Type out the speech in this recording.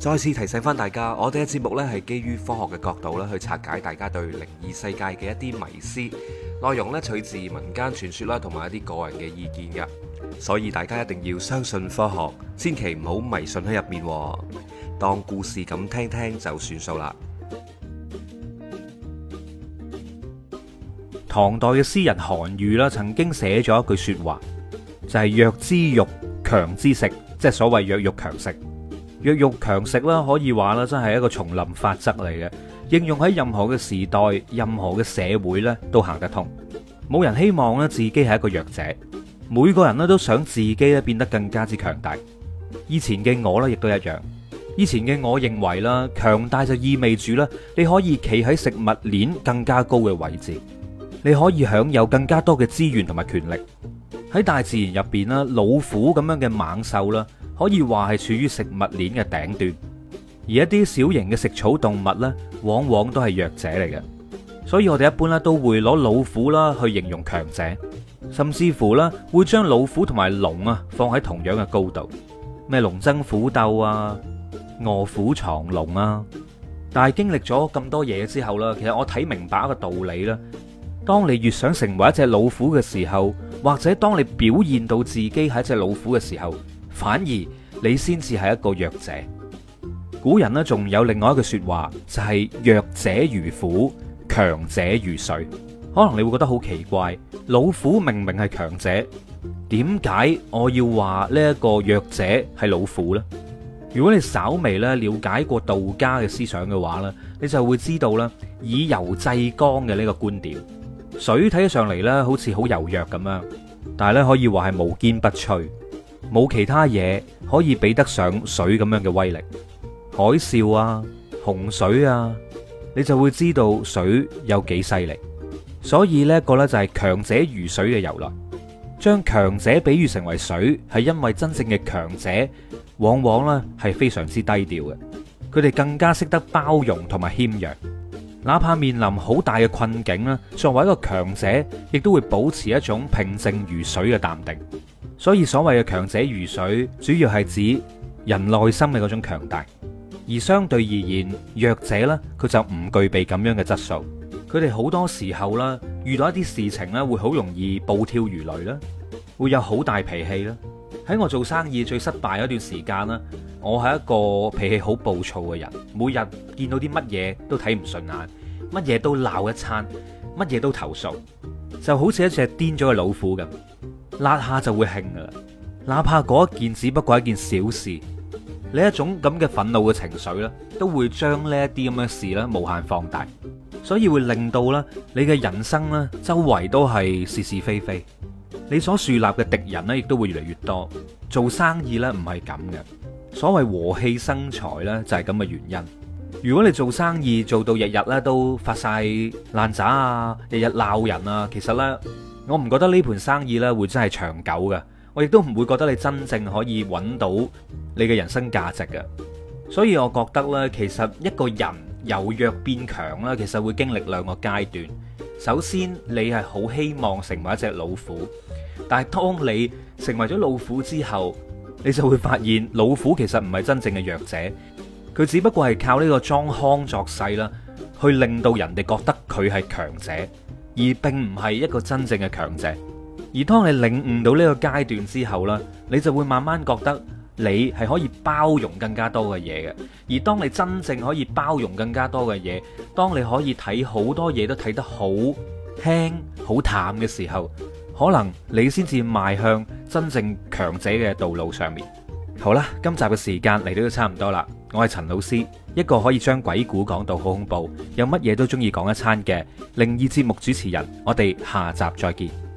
再次提醒翻大家，我哋嘅節目咧係基於科學嘅角度咧去拆解大家對靈異世界嘅一啲迷思，內容咧取自民間傳說啦，同埋一啲個人嘅意見嘅，所以大家一定要相信科學，千祈唔好迷信喺入面，當故事咁聽聽就算數啦。唐代嘅詩人韓愈啦，曾經寫咗一句說話，就係、是、弱之肉，強之食，即係所謂弱肉強食。弱肉強食啦，可以話啦，真係一個叢林法則嚟嘅，應用喺任何嘅時代、任何嘅社會咧，都行得通。冇人希望咧自己係一個弱者，每個人咧都想自己咧變得更加之強大。以前嘅我咧亦都一樣，以前嘅我認為啦，強大就意味住咧，你可以企喺食物鏈更加高嘅位置，你可以享有更加多嘅資源同埋權力。喺大自然入邊呢，老虎咁樣嘅猛獸啦。可以話係處於食物鏈嘅頂端，而一啲小型嘅食草動物咧，往往都係弱者嚟嘅。所以我哋一般咧都會攞老虎啦去形容強者，甚至乎咧會將老虎同埋龍啊放喺同樣嘅高度，咩龍爭虎鬥啊、臥虎藏龍啊。但係經歷咗咁多嘢之後啦，其實我睇明白一個道理啦。當你越想成為一隻老虎嘅時候，或者當你表現到自己係一隻老虎嘅時候，反而你先至係一個弱者。古人呢，仲有另外一個說話，就係弱者如虎，強者如水。可能你會覺得好奇怪，老虎明明係強者，點解我要話呢一個弱者係老虎呢？如果你稍微咧了解過道家嘅思想嘅話呢，你就會知道咧以柔制剛嘅呢個觀點。水睇起上嚟咧好似好柔弱咁樣，但係咧可以話係無堅不摧。冇其他嘢可以比得上水咁樣嘅威力，海嘯啊、洪水啊，你就會知道水有幾犀利。所以呢個咧就係強者如水嘅由來。將強者比喻成為水，係因為真正嘅強者往往咧係非常之低調嘅，佢哋更加識得包容同埋謙讓。哪怕面臨好大嘅困境啦，作為一個強者，亦都會保持一種平靜如水嘅淡定。所以所謂嘅強者如水，主要係指人內心嘅嗰種強大，而相對而言，弱者呢，佢就唔具備咁樣嘅質素。佢哋好多時候啦，遇到一啲事情呢，會好容易暴跳如雷啦，會有好大脾氣啦。喺我做生意最失敗嗰段時間啦，我係一個脾氣好暴躁嘅人，每日見到啲乜嘢都睇唔順眼，乜嘢都鬧一餐，乜嘢都投訴，就好似一隻癲咗嘅老虎咁。拉下就會興㗎喇，哪怕嗰一件只不過係一件小事，你一種咁嘅憤怒嘅情緒咧，都會將呢一啲咁嘅事咧無限放大，所以會令到咧你嘅人生咧周圍都係是是非非，你所樹立嘅敵人咧亦都會越嚟越多。做生意咧唔係咁嘅，所謂和氣生財咧就係咁嘅原因。如果你做生意做到日日咧都發晒爛渣啊，日日鬧人啊，其實呢，我唔覺得呢盤生意咧會真係長久嘅，我亦都唔會覺得你真正可以揾到你嘅人生價值嘅。所以我覺得咧，其實一個人由弱變強啦，其實會經歷兩個階段。首先，你係好希望成為一隻老虎，但係當你成為咗老虎之後，你就會發現老虎其實唔係真正嘅弱者，佢只不過係靠呢個裝腔作勢啦，去令到人哋覺得佢係強者。而並唔係一個真正嘅強者，而當你領悟到呢個階段之後啦，你就會慢慢覺得你係可以包容更加多嘅嘢嘅。而當你真正可以包容更加多嘅嘢，當你可以睇好多嘢都睇得好輕、好淡嘅時候，可能你先至邁向真正強者嘅道路上面。好啦，今集嘅時間嚟到都差唔多啦，我係陳老師。一個可以將鬼故講到好恐怖，有乜嘢都中意講一餐嘅靈異節目主持人，我哋下集再見。